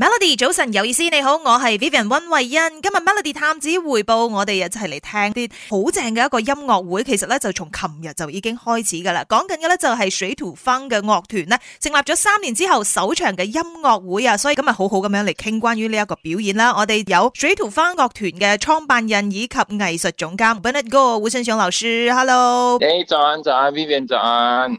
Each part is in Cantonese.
Melody 早晨有意思，你好，我係 Vivian 溫慧欣。今日 Melody 探子回報，我哋一齊嚟聽啲好正嘅一個音樂會。其實咧就從琴日就已經開始噶啦。講緊嘅咧就係水土方嘅樂團咧，成立咗三年之後首場嘅音樂會啊，所以今日好好咁樣嚟傾關於呢一個表演啦。我哋有水土方樂團嘅創辦人以及藝術總監 Bennett 哥，歡迎上樓書，Hello，誒，早安，早安，Vivian，早安。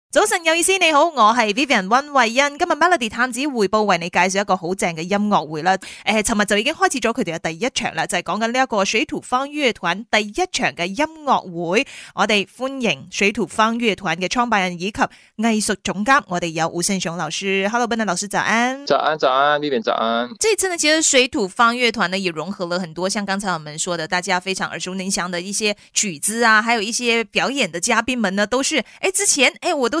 早晨有意思，你好，我係 Vivian 溫慧欣。今日 Melody 探子回報為你介紹一個好正嘅音樂會啦。誒、呃，尋日就已經開始咗佢哋嘅第一場啦，就係、是、講緊呢一個水土方樂團第一場嘅音樂會。我哋歡迎水土方樂團嘅創辦人以及藝術總監，我哋有胡勝雄老師。Hello，溫達老師早安。早安，早安呢邊早安。這次呢，其實水土方樂團呢，也融合了很多，像剛才我們說的，大家非常耳熟能詳的一些曲子啊，還有一些表演的嘉賓們呢，都是誒，之前誒，我都。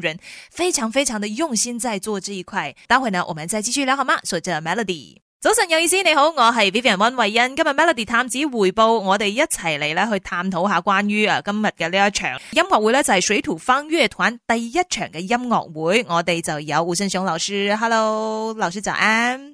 人非常非常的用心在做這一塊，待會呢，我們再繼續聊好嗎？說着 Melody，早晨有意思，你好，我係 Vivian 溫慧欣，今日 Melody 探子回報，我哋一齊嚟咧去探討下關於啊今日嘅呢一場音樂會咧，就係、是、水土方樂團第一場嘅音樂會，我哋就有胡勝雄老師，Hello，老師早安。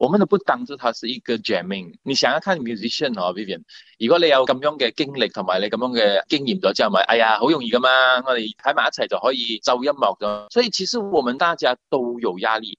我們都不當作他是一個 jamming，你想要睇 musician 嗬、啊，Vivian，如果你有咁樣嘅經歷同埋你咁樣嘅經驗咗之後咪，哎呀，好容易噶嘛，我哋喺埋一齊就可以奏音樂咗，所以其實我們大家都有壓力。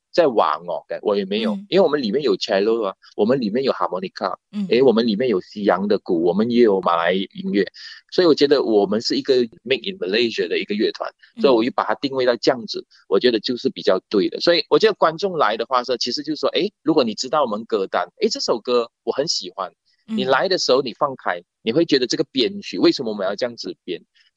在玩哦，我也沒有、嗯，因為我們裏面有 Cello 啊，我們裏面有 Harmonica，嗯，誒、哎，我們裏面有西洋的鼓，我們也有馬來音樂，所以我覺得我們是一個 make in Malaysia 的一個樂團，所以我又把它定位到這樣子、嗯，我覺得就是比較對的，所以我覺得觀眾來的話說，其實就是說，誒、哎，如果你知道我們歌單，誒、哎，這首歌我很喜歡，你來的時候你放開，你會覺得這個編曲為什麼我們要這樣子編？